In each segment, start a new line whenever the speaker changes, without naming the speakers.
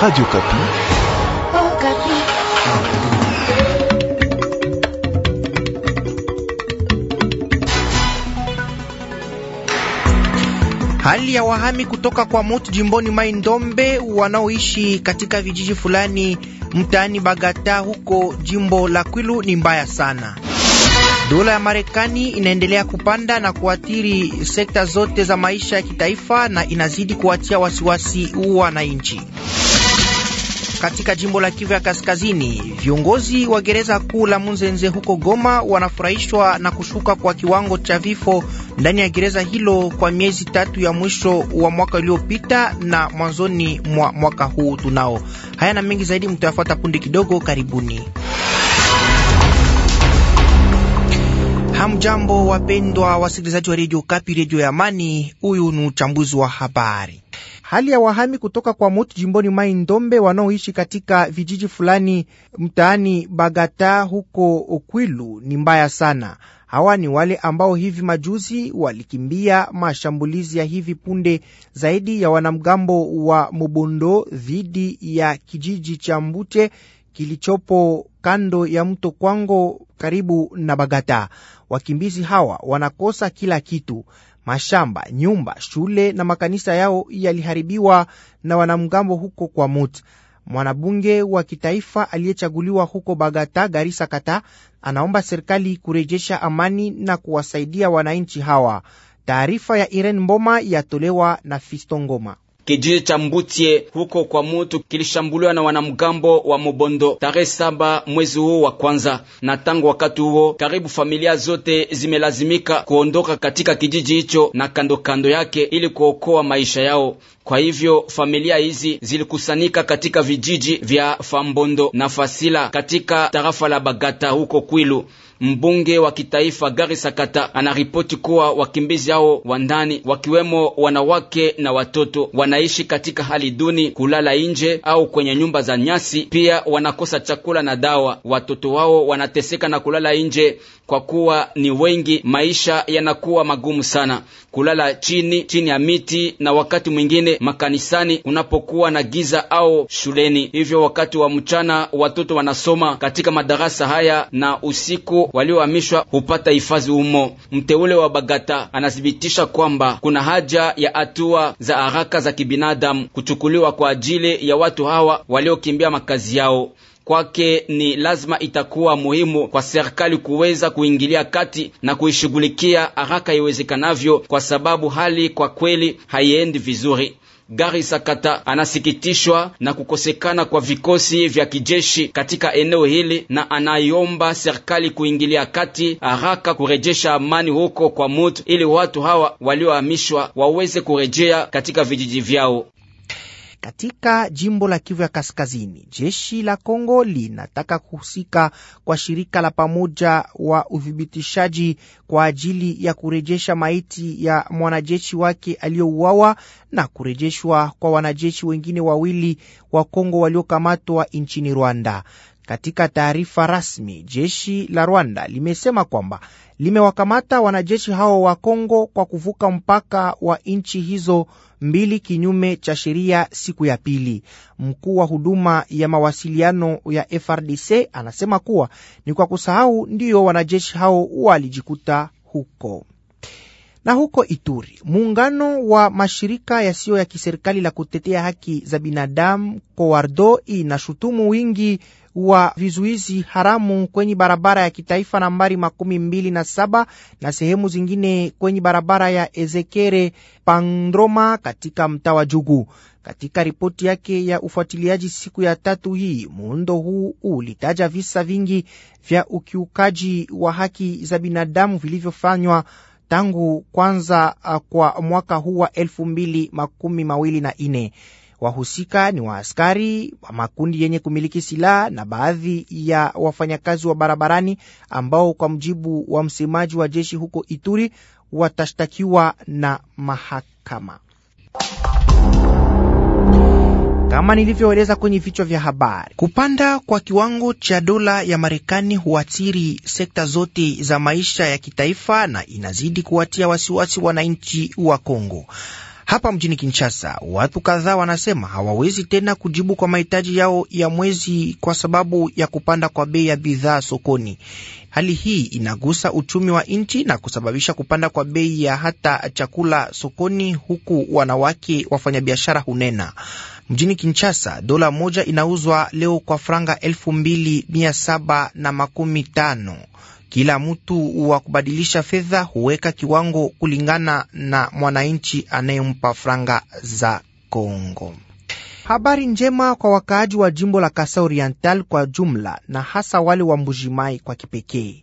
Radio Okapi. Oh,
Hali ya wahami kutoka kwa Motu jimboni Mai Ndombe wanaoishi katika vijiji fulani mtaani Bagata huko jimbo la Kwilu ni mbaya sana. Dola ya Marekani inaendelea kupanda na kuathiri sekta zote za maisha ya kitaifa na inazidi kuwatia wasiwasi wananchi katika jimbo la Kivu ya Kaskazini. Viongozi wa gereza kuu la Munzenze huko Goma wanafurahishwa na kushuka kwa kiwango cha vifo ndani ya gereza hilo kwa miezi tatu ya mwisho wa mwaka uliopita na mwanzoni mwa mwaka huu tunao. Haya na mengi zaidi mtayafuata punde kidogo, karibuni. Hamjambo wapendwa wasikilizaji wa redio Kapi, redio ya Amani. Huyu ni uchambuzi wa habari hali ya wahami kutoka kwa Mutu jimboni Mai Ndombe wanaoishi katika vijiji fulani mtaani Bagata huko Okwilu ni mbaya sana. Hawa ni wale ambao hivi majuzi walikimbia mashambulizi ya hivi punde zaidi ya wanamgambo wa Mobondo dhidi ya kijiji cha Mbute kilichopo kando ya mto Kwango karibu na Bagata. Wakimbizi hawa wanakosa kila kitu mashamba, nyumba, shule na makanisa yao yaliharibiwa na wanamgambo huko kwa Mut. Mwanabunge wa kitaifa aliyechaguliwa huko Bagata, Garisa Kata, anaomba serikali kurejesha amani na kuwasaidia wananchi hawa. Taarifa ya iren Mboma yatolewa na Fisto Ngoma
kijiji cha Mbutie huko kwa mutu kilishambuliwa na wanamgambo wa Mobondo tarehe saba mwezi huu wa kwanza, na tangu wakati huo karibu familia zote zimelazimika kuondoka katika kijiji hicho na kando kando yake ili kuokoa maisha yao. Kwa hivyo familia hizi zilikusanyika katika vijiji vya Fambondo na Fasila katika tarafa la Bagata huko Kwilu. Mbunge wa kitaifa Gari Sakata anaripoti kuwa wakimbizi hao wa ndani, wakiwemo wanawake na watoto, wanaishi katika hali duni, kulala nje au kwenye nyumba za nyasi. Pia wanakosa chakula na dawa. Watoto wao wanateseka na kulala nje kwa kuwa ni wengi, maisha yanakuwa magumu sana, kulala chini chini ya miti, na wakati mwingine makanisani unapokuwa na giza au shuleni. Hivyo wakati wa mchana watoto wanasoma katika madarasa haya, na usiku waliohamishwa hupata hifadhi humo. Mteule wa Bagata anathibitisha kwamba kuna haja ya hatua za haraka za kibinadamu kuchukuliwa kwa ajili ya watu hawa waliokimbia makazi yao kwake ni lazima itakuwa muhimu kwa serikali kuweza kuingilia kati na kuishughulikia haraka iwezekanavyo, kwa sababu hali kwa kweli haiendi vizuri. Gari Sakata anasikitishwa na kukosekana kwa vikosi vya kijeshi katika eneo hili na anaiomba serikali kuingilia kati haraka kurejesha amani huko kwa mutu, ili watu hawa waliohamishwa waweze kurejea katika vijiji vyao.
Katika jimbo la Kivu ya Kaskazini, jeshi la Kongo linataka kuhusika kwa shirika la pamoja wa uthibitishaji kwa ajili ya kurejesha maiti ya mwanajeshi wake aliyouawa na kurejeshwa kwa wanajeshi wengine wawili wa Kongo waliokamatwa nchini Rwanda. Katika taarifa rasmi, jeshi la Rwanda limesema kwamba limewakamata wanajeshi hao wa Kongo kwa kuvuka mpaka wa nchi hizo mbili kinyume cha sheria siku ya pili. Mkuu wa huduma ya mawasiliano ya FRDC anasema kuwa ni kwa kusahau ndiyo wanajeshi hao walijikuta huko. Na huko Ituri, muungano wa mashirika yasiyo ya kiserikali la kutetea haki za binadamu Kowardo inashutumu wingi wa vizuizi haramu kwenye barabara ya kitaifa nambari makumi mbili na saba na sehemu zingine kwenye barabara ya Ezekere Pandroma katika mtaa wa Jugu. Katika ripoti yake ya ufuatiliaji siku ya tatu hii, muundo huu ulitaja visa vingi vya ukiukaji wa haki za binadamu vilivyofanywa tangu kwanza uh, kwa mwaka huu wa elfu mbili makumi mawili na ine. Wahusika ni waaskari wa makundi yenye kumiliki silaha na baadhi ya wafanyakazi wa barabarani ambao kwa mujibu wa msemaji wa jeshi huko Ituri watashtakiwa na mahakama. Kama nilivyoeleza kwenye vichwa vya habari, kupanda kwa kiwango cha dola ya Marekani huathiri sekta zote za maisha ya kitaifa na inazidi kuwatia wasiwasi wananchi wa Kongo. Hapa mjini Kinshasa, watu kadhaa wanasema hawawezi tena kujibu kwa mahitaji yao ya mwezi kwa sababu ya kupanda kwa bei ya bidhaa sokoni. Hali hii inagusa uchumi wa nchi na kusababisha kupanda kwa bei ya hata chakula sokoni, huku wanawake wafanyabiashara hunena. Mjini Kinshasa, dola moja inauzwa leo kwa franga elfu mbili mia saba na makumi tano. Kila mtu wa kubadilisha fedha huweka kiwango kulingana na mwananchi anayempa franga za Kongo. Habari njema kwa wakaaji wa jimbo la Kasa Oriental kwa jumla na hasa wale wa Mbujimai kwa kipekee.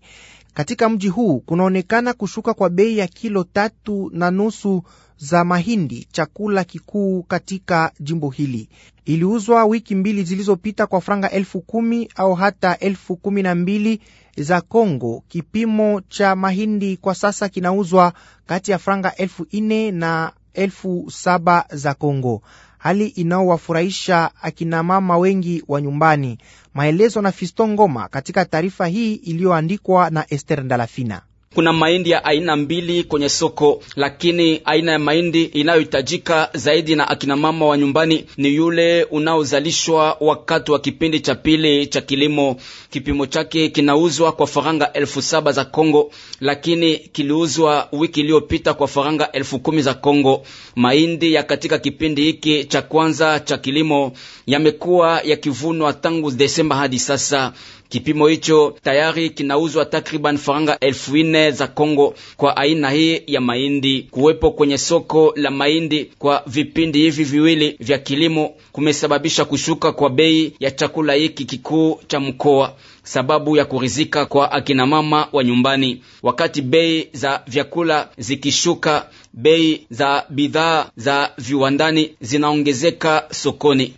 Katika mji huu kunaonekana kushuka kwa bei ya kilo tatu na nusu za mahindi, chakula kikuu katika jimbo hili. Iliuzwa wiki mbili zilizopita kwa franga elfu kumi au hata elfu kumi na mbili za Kongo. Kipimo cha mahindi kwa sasa kinauzwa kati ya franga elfu nne na elfu saba za Kongo hali inayowafurahisha akinamama wengi wa nyumbani. Maelezo na Fisto Ngoma katika taarifa hii iliyoandikwa na Ester Ndalafina.
Kuna mahindi ya aina mbili kwenye soko, lakini aina ya mahindi inayohitajika zaidi na akina mama wa nyumbani ni yule unaozalishwa wakati wa kipindi cha pili cha kilimo. Kipimo chake kinauzwa kwa faranga elfu saba za Kongo, lakini kiliuzwa wiki iliyopita kwa faranga elfu kumi za Kongo. Mahindi ya katika kipindi hiki cha kwanza cha kilimo yamekuwa yakivunwa tangu Desemba hadi sasa. Kipimo hicho tayari kinauzwa takriban faranga elfu nne za Kongo kwa aina hii ya mahindi. Kuwepo kwenye soko la mahindi kwa vipindi hivi viwili vya kilimo kumesababisha kushuka kwa bei ya chakula hiki kikuu cha mkoa, sababu ya kurizika kwa akinamama wa nyumbani. Wakati bei za vyakula zikishuka, bei za bidhaa za viwandani zinaongezeka sokoni.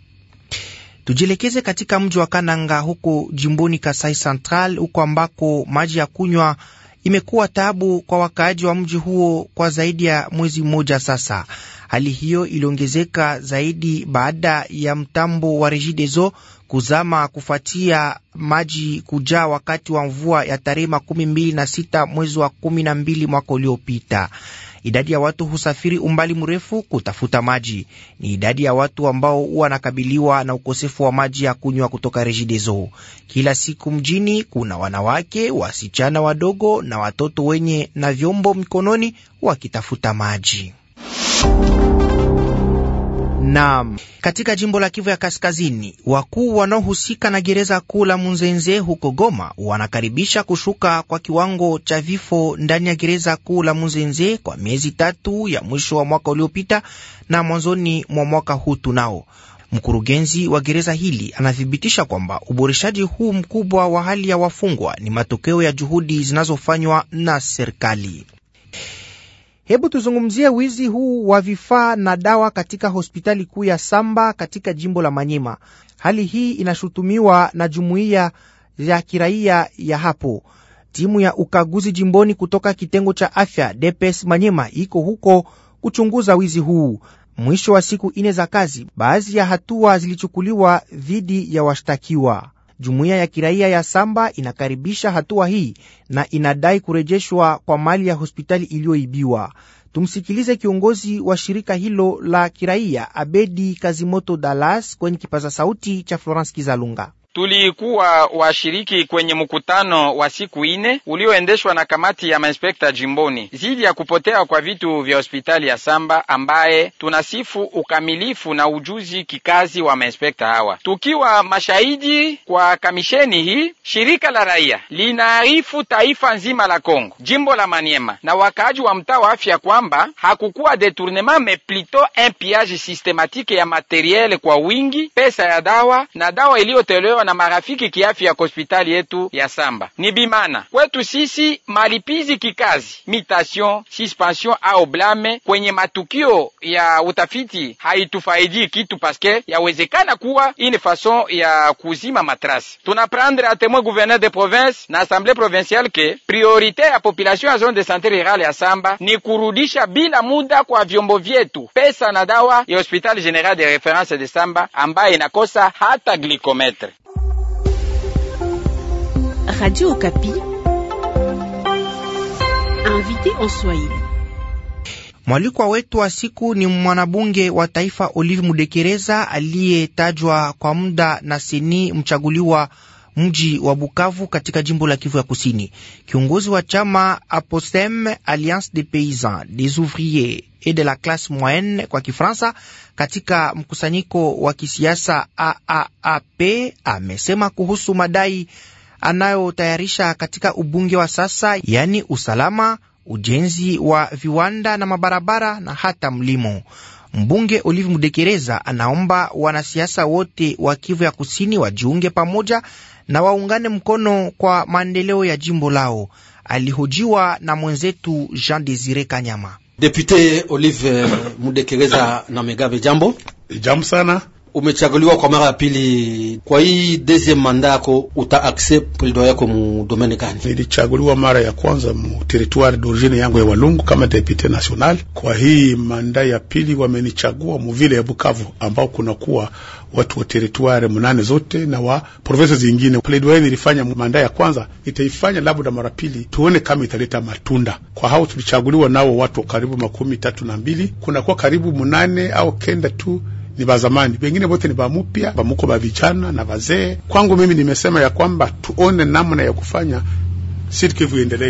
Tujielekeze katika mji wa Kananga huko jimboni Kasai Central, huko ambako maji ya kunywa imekuwa tabu kwa wakaaji wa mji huo kwa zaidi ya mwezi mmoja sasa. Hali hiyo iliongezeka zaidi baada ya mtambo wa Regideso kuzama kufuatia maji kujaa wakati wa mvua ya tarehe makumi mbili na sita mwezi wa kumi na mbili mwaka uliopita idadi ya watu husafiri umbali mrefu kutafuta maji. Ni idadi ya watu ambao wanakabiliwa na ukosefu wa maji ya kunywa kutoka Rejidezo. Kila siku mjini kuna wanawake, wasichana wadogo na watoto wenye na vyombo mkononi wakitafuta maji. Naam, katika jimbo la Kivu ya Kaskazini, wakuu wanaohusika na gereza kuu la Munzenze huko Goma wanakaribisha kushuka kwa kiwango cha vifo ndani ya gereza kuu la Munzenze kwa miezi tatu ya mwisho wa mwaka uliopita na mwanzoni mwa mwaka huu tunao Mkurugenzi wa gereza hili anathibitisha kwamba uboreshaji huu mkubwa wa hali ya wafungwa ni matokeo ya juhudi zinazofanywa na serikali. Hebu tuzungumzie wizi huu wa vifaa na dawa katika hospitali kuu ya Samba katika jimbo la Manyema. Hali hii inashutumiwa na jumuiya ya kiraia ya hapo. Timu ya ukaguzi jimboni kutoka kitengo cha afya DPS Manyema iko huko kuchunguza wizi huu. Mwisho wa siku ine za kazi, baadhi ya hatua zilichukuliwa dhidi ya washtakiwa. Jumuiya ya kiraia ya Samba inakaribisha hatua hii na inadai kurejeshwa kwa mali ya hospitali iliyoibiwa. Tumsikilize kiongozi wa shirika hilo la kiraia Abedi Kazimoto Dalas kwenye kipaza sauti cha Florence Kizalunga.
Tulikuwa washiriki kwenye mkutano wa siku ine ulioendeshwa na kamati ya mainspekta jimboni zidi ya kupotea kwa vitu vya hospitali ya Samba, ambaye tunasifu ukamilifu na ujuzi kikazi wa mainspekta hawa. Tukiwa mashahidi kwa kamisheni hii, shirika la raia linaarifu taifa nzima la Kongo, jimbo la Maniema na wakaaji wa mtaa wa afya kwamba hakukuwa detournement mais plutôt un pillage ya materiel kwa wingi, pesa ya dawa na dawa iliyotolewa kutolewa na marafiki kiafya hospitali yetu ya Samba. Ni bimana kwetu sisi malipizi kikazi, mitation, suspension au blame kwenye matukio ya utafiti haitufaidi kitu, paske yawezekana kuwa ini fason ya kuzima matrasi. Tunaprendre a temoin gouverneur de province na assemblée provinciale ke priorite ya population ya zone de santé rurale ya Samba ni kurudisha bila muda kwa vyombo vyetu pesa na dawa ya hospitali general de référence de Samba ambaye inakosa hata glikometre.
Radio Okapi,
invité en Swahili.
Mwalikwa wetu wa siku ni mwanabunge wa taifa Olive Mudekereza aliyetajwa kwa muda na seni mchaguliwa mji wa Bukavu katika jimbo la Kivu ya Kusini. Kiongozi wa chama APOSEM, Alliance des Paysans des Ouvriers et de la Classe Moyenne kwa Kifaransa, katika mkusanyiko wa kisiasa AAAP amesema kuhusu madai anayotayarisha katika ubunge wa sasa, yaani usalama, ujenzi wa viwanda na mabarabara na hata mlimo. Mbunge Olive Mudekereza anaomba wanasiasa wote wa Kivu ya Kusini wajiunge pamoja na waungane mkono kwa maendeleo ya jimbo lao. Alihojiwa na mwenzetu Jean Desire Kanyama.
Depute Olive Mudekereza na Megabe, jambo jambo sana umechaguliwa kwa mara ya pili kwa hii deuxième mandat yako, uta accept plaidoyer yako mu domaine gani? Nilichaguliwa mara ya kwanza mu
territoire d'origine yangu ya Walungu kama député national. Kwa hii manda ya pili wamenichagua mu vile ya Bukavu ambao kunakuwa watu wa territoire mnane zote na wa province zingine. Plaidoyer nilifanya manda ya kwanza, itaifanya labda mara pili, tuone kama italeta matunda. Kwa hao tulichaguliwa nao watu karibu makumi tatu na mbili, kunakuwa karibu mnane au kenda tu ni ba zamani, wengine wote ni ba mupya, bamuko ba vijana na wazee. Kwangu mimi nimesema ya kwamba tuone namna ya
kufanya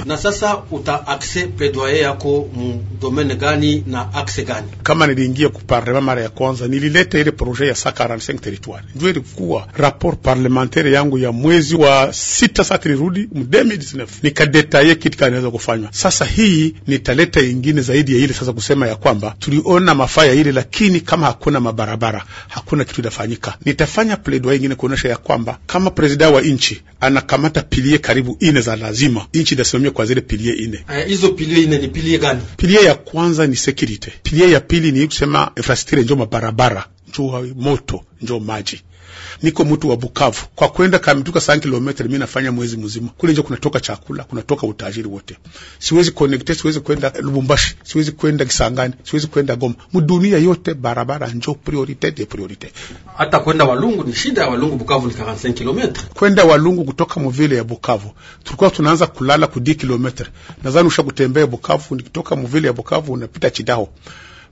na sasa uta akse pedwaye yako mu domaine gani na akse gani?
Kama niliingia ku parlement mara ya kwanza, nilileta ile projet ya 145 territoire, ndio ilikuwa rapport parlementaire yangu ya mwezi wa sita. Sasa nirudi mu 2019 nikadetaye kitu kanaweza kufanywa. Sasa hii nitaleta ingine zaidi ya ile, sasa kusema ya kwamba tuliona mafaa ya ile, lakini kama hakuna mabarabara, hakuna kitu itafanyika Nitafanya pledoyer ingine kuonesha ya kwamba kama president wa nchi anakamata pilie karibu ine za lazima nzima nchi inasimamiwa kwa zile pilie ine.
Eh, hizo pilie ine ni pilie gani?
Pilie ya kwanza ni security, pilie ya pili ni kusema infrastructure, njo mabarabara, njo moto, njo maji niko mtu wa Bukavu, kwa kwenda Kamituka sana kilomita mimi nafanya mwezi mzima kule nje, kunatoka chakula, kunatoka utajiri wote. Siwezi connect, siwezi kwenda Lubumbashi, siwezi kwenda Kisangani, siwezi kwenda Goma. Mudunia yote barabara njo priorite de priorite.
Hata kwenda Walungu ni shida, ya Walungu Bukavu ni 45 km.
Kwenda Walungu kutoka mvile ya Bukavu tulikuwa tunaanza kulala ku 10 km. Nadhani ushakutembea Bukavu, nikitoka mvile ya Bukavu unapita Chidao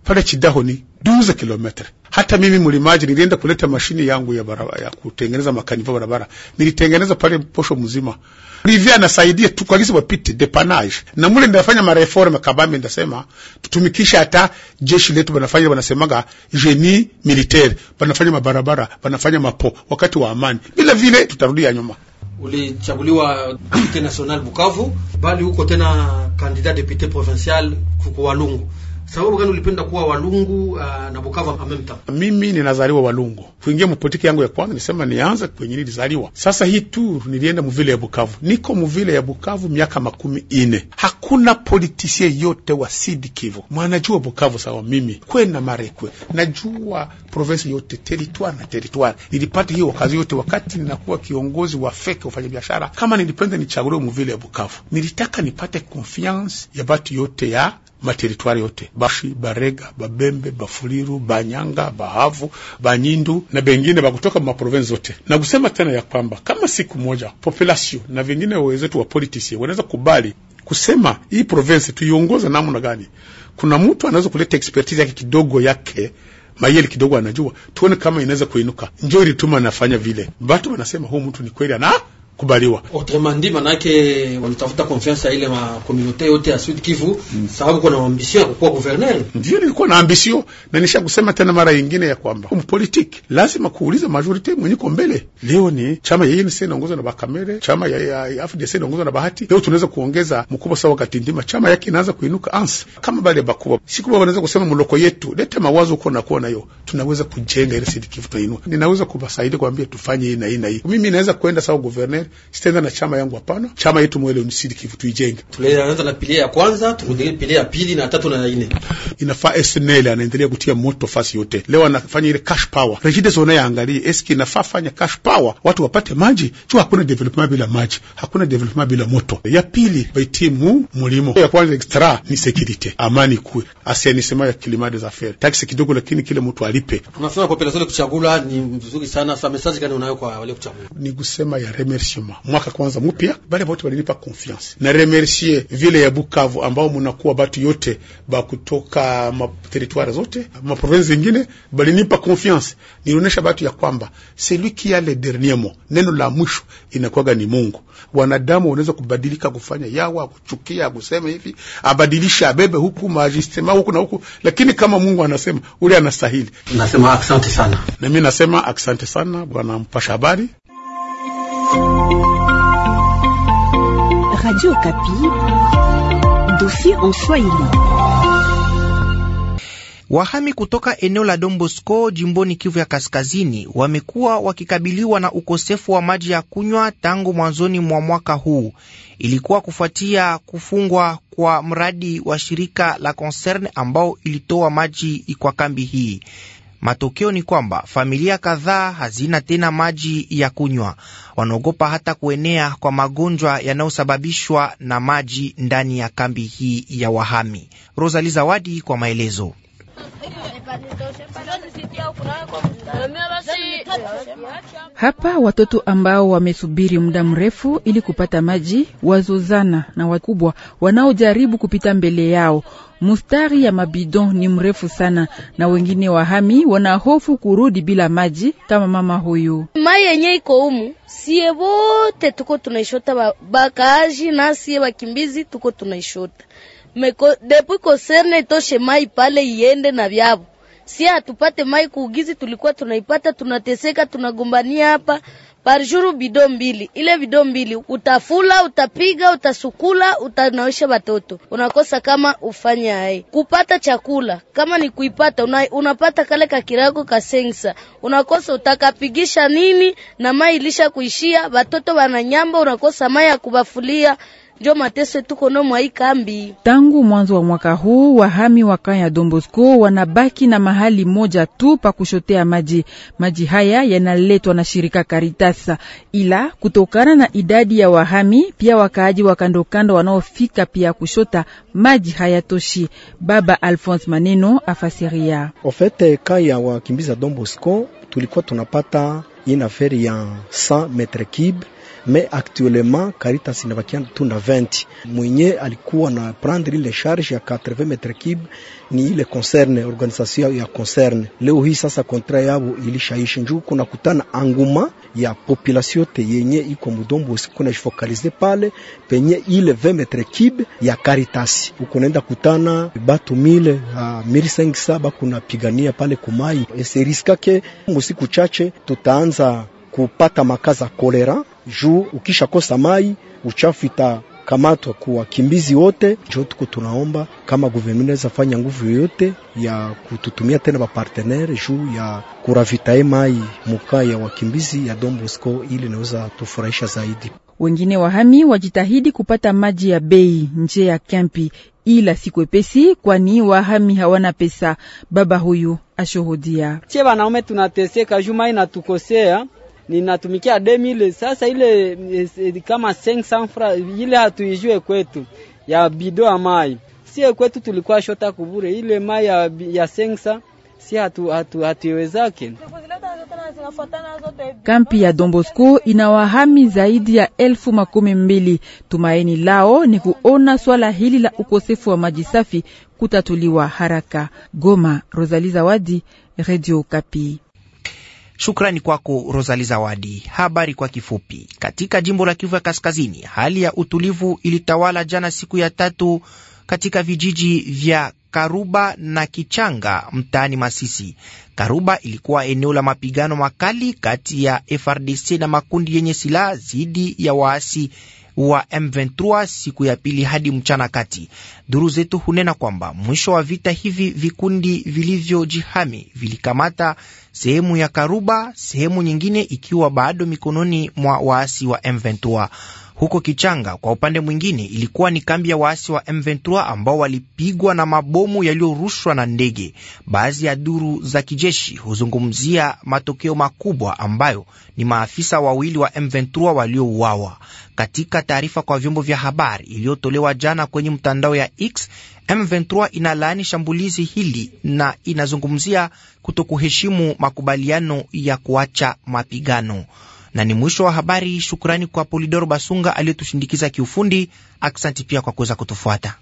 pale Chidahoni duza kilometre. Hata mimi mlimaji nilienda kuleta mashini yangu ya, barabara, ya kutengeneza makanivo barabara, nilitengeneza pale posho mzima. rivia nasaidia tu kwa kisi wapite depanage na mule ndafanya mareforme kabambe, ndasema tutumikisha hata jeshi letu, banafanya banasemaga jeni militaire, banafanya mabarabara, banafanya mapo wakati wa amani, bila vile tutarudia nyuma.
Ulichaguliwa depute national Bukavu, bali huko tena candidat député provincial kukuwalungu Sababu gani ulipenda kuwa Walungu uh, na Bukavu amemta?
Mimi ninazaliwa Walungu, kuingia mpolitiki yangu ya kwanza nisema nianza kwenye nilizaliwa. Sasa hii tu nilienda muvile ya Bukavu, niko muvile ya Bukavu miaka makumi ine. Hakuna politisie yote wa Sidi Kivu mwanajua Bukavu sawa mimi kwe na Marekwe, najua province yote territoire na territoire. Nilipata hiyo kazi yote wakati ninakuwa kiongozi wa feke ufanya biashara. Kama nilipenda nichaguliwe muvile ya Bukavu, nilitaka nipate confiance ya batu yote ya materitwari yote Bashi, Barega, Babembe, Bafuliru, Banyanga, Bahavu, Banyindu na bengine bakutoka maprovensi zote, na kusema tena ya kwamba kama siku moja population na vingine wenzetu wa politisi wanaweza kubali kusema hii provensi tuiongoza namna gani, kuna mtu anaweza kuleta expertise yake kidogo yake mayeli kidogo, anajua tuone kama inaweza kuinuka. Njo
ilituma nafanya vile, batu wanasema huu mtu ni kweli ana kubaliwa. Autrement dit, manake walitafuta confiance ya ile ma communauté yote ya Sud Kivu mm. sababu kuna ambition ya kuwa gouverneur. Ndio nilikuwa na ambition na nisha kusema tena mara nyingine ya kwamba um politique lazima
kuuliza majorite mwenye ko mbele. Leo ni chama ya UNC inaongozwa na Bakamere, chama ya, ya, ya FDC inaongozwa na Bahati. Leo tunaweza kuongeza mkubwa sawa kati ndima chama yake inaanza kuinuka ans kama bale bakubwa. Siku wanaweza kusema mloko yetu, leta mawazo uko na kuona nayo. Tunaweza kujenga ile Sud Kivu tunainua. Ninaweza kubasaidia kuambia tufanye hii na hii na hii. Mimi naweza kwenda sawa gouverneur sitaenda na chama yangu, hapana. Chama yetu mwele unisidi Kivu tuijenge,
tunaanza na pilia ya kwanza, turudie pilia ya pili na tatu na
nne. Inafaa SNL anaendelea kutia moto fasi yote, leo anafanya ile cash power. Rejide zona yaangalie eski inafaa fanya cash power, watu wapate maji chua. Hakuna development bila maji, hakuna development bila moto. Ya pili baitimu mulimo ya kwanza extra ni security, amani kuwe nisema ya kilimade za fere taksi kidogo, lakini kile mtu alipe.
Unasema kwa pelasole kuchagula ni mzuri sana. Sa mesaji gani unayo kwa wale kuchagula? Ni kusema ya remersi
changement mwaka kwanza
mpya, bale bote balinipa confiance
na remercie vile ya Bukavu ambao munakuwa batu yote ba bakutoka territoire zote ma province zingine balinipa confiance, nilionesha batu ya kwamba celui qui a le dernier mot, neno la mwisho inakuwa ni Mungu. Wanadamu wanaweza kubadilika kufanya yawa kuchukia, kusema hivi abadilisha abebe huku majistema huku na huku, lakini kama Mungu anasema ule anastahili. Nasema asante sana, na mimi nasema asante sana bwana mpasha habari.
Radio Kapi, dossier en Swahili. Wahami kutoka eneo la Dombosko jimboni Kivu ya Kaskazini wamekuwa wakikabiliwa na ukosefu wa maji ya kunywa tangu mwanzoni mwa mwaka huu. Ilikuwa kufuatia kufungwa kwa mradi wa shirika la Concern ambao ilitoa maji kwa kambi hii. Matokeo ni kwamba familia kadhaa hazina tena maji ya kunywa. Wanaogopa hata kuenea kwa magonjwa yanayosababishwa na maji ndani ya kambi hii ya wahami. Rosali Zawadi kwa maelezo
hapa watoto ambao wamesubiri muda mrefu ili kupata maji wazozana na wakubwa wanaojaribu kupita mbele yao. Mustari ya mabidon ni mrefu sana, na wengine wahami wanahofu kurudi bila maji, kama mama huyu.
Mai yenye iko humu, sie wote tuko tunaishota, bakaaji na sie wakimbizi tuko tunaishota meko depui koserne itoshe mai pale iende na vyavo si hatupate mai kuugizi, tulikuwa tunaipata, tunateseka, tunagombania hapa parjuru bido mbili. Ile bido mbili utafula, utapiga, utasukula, utanaosha watoto, unakosa kama ufanya hai kupata chakula. Kama ni kuipata una, unapata kale kakirago kasengsa, unakosa utakapigisha nini na mai ilisha kuishia, batoto wananyamba unakosa mai ya kubafulia njo mateso tuko no mwa kambi.
Tangu mwanzo wa mwaka huu wahami wa kaya ya Dombosko wanabaki na mahali moja tu pa kushotea maji. Maji haya yanaletwa na shirika Karitasa, ila kutokana na idadi ya wahami pia wakaaji wa kandokando wanaofika pia kushota maji hayatoshi. Baba Alphonse Maneno afasiria
ofete kaya wakimbiza Dombosko tulikuwa tunapata ina feri ya 100 metre kibe me actuellement Caritas inabakia tu na 20. Mwenye alikuwa na prendre ile charge ya 80 metre kib ni ile concerne organisation ya concerne. Leo hii sasa kontra yabo ilishaishi njuu, kuna kutana anguma ya population yote yenye iko mudombo sikuna jifokalize pale penye ile 20 metre kib ya Caritas, ukonaenda kutana batu mile miri sengi saba kuna pigania pale kumai eseriskake musiku chache tutaanza kupata makaza kolera, juu kosa mai uchafu ita kamatwa ku wakimbizi wote. Njo tuko tunaomba kama guvernema ezafanya nguvu yoyote ya kututumia tena bapartenere juu ya kuravitae mai muka ya wakimbizi ya Don Bosco, ili naweza tufurahisha zaidi.
Wengine wahami wajitahidi kupata maji ya bei nje ya kampi, ila siku sikwepesi, kwani wahami hawana pesa. Baba huyu ashuhudia:
che wanaume tunateseka juu mai natukosea ninatumikia ile sasa ile eh, eh, kama 500 fra ile hatuijue kwetu ya bido ya mai sie kwetu tulikuwa shota kubure ile mai ya, ya sengsa si hatu, hatu, hatuiwezake.
Kampi ya Dombosko ina wahami zaidi ya elfu makumi mbili. Tumaini lao ni kuona swala hili la ukosefu wa maji safi kutatuliwa haraka. Goma, rosali Zawadi, Radio Kapi.
Shukrani kwako Rosali Zawadi. Habari kwa kifupi. Katika jimbo la Kivu ya Kaskazini, hali ya utulivu ilitawala jana siku ya tatu katika vijiji vya Karuba na Kichanga mtaani Masisi. Karuba ilikuwa eneo la mapigano makali kati ya FRDC na makundi yenye silaha dhidi ya waasi wa M23 siku ya pili hadi mchana kati. Duru zetu hunena kwamba mwisho wa vita hivi vikundi vilivyojihami vilikamata sehemu ya Karuba, sehemu nyingine ikiwa bado mikononi mwa waasi wa M23. Huko Kichanga kwa upande mwingine, ilikuwa ni kambi ya waasi wa M23 ambao walipigwa na mabomu yaliyorushwa na ndege. Baadhi ya duru za kijeshi huzungumzia matokeo makubwa ambayo ni maafisa wawili wa M23 waliouawa. Katika taarifa kwa vyombo vya habari iliyotolewa jana kwenye mtandao ya X, M23 inalaani shambulizi hili na inazungumzia kutokuheshimu makubaliano ya kuacha mapigano. Na ni mwisho wa habari. Shukrani kwa Polidoro Basunga aliyetushindikiza kiufundi. Aksanti pia kwa kuweza kutufuata.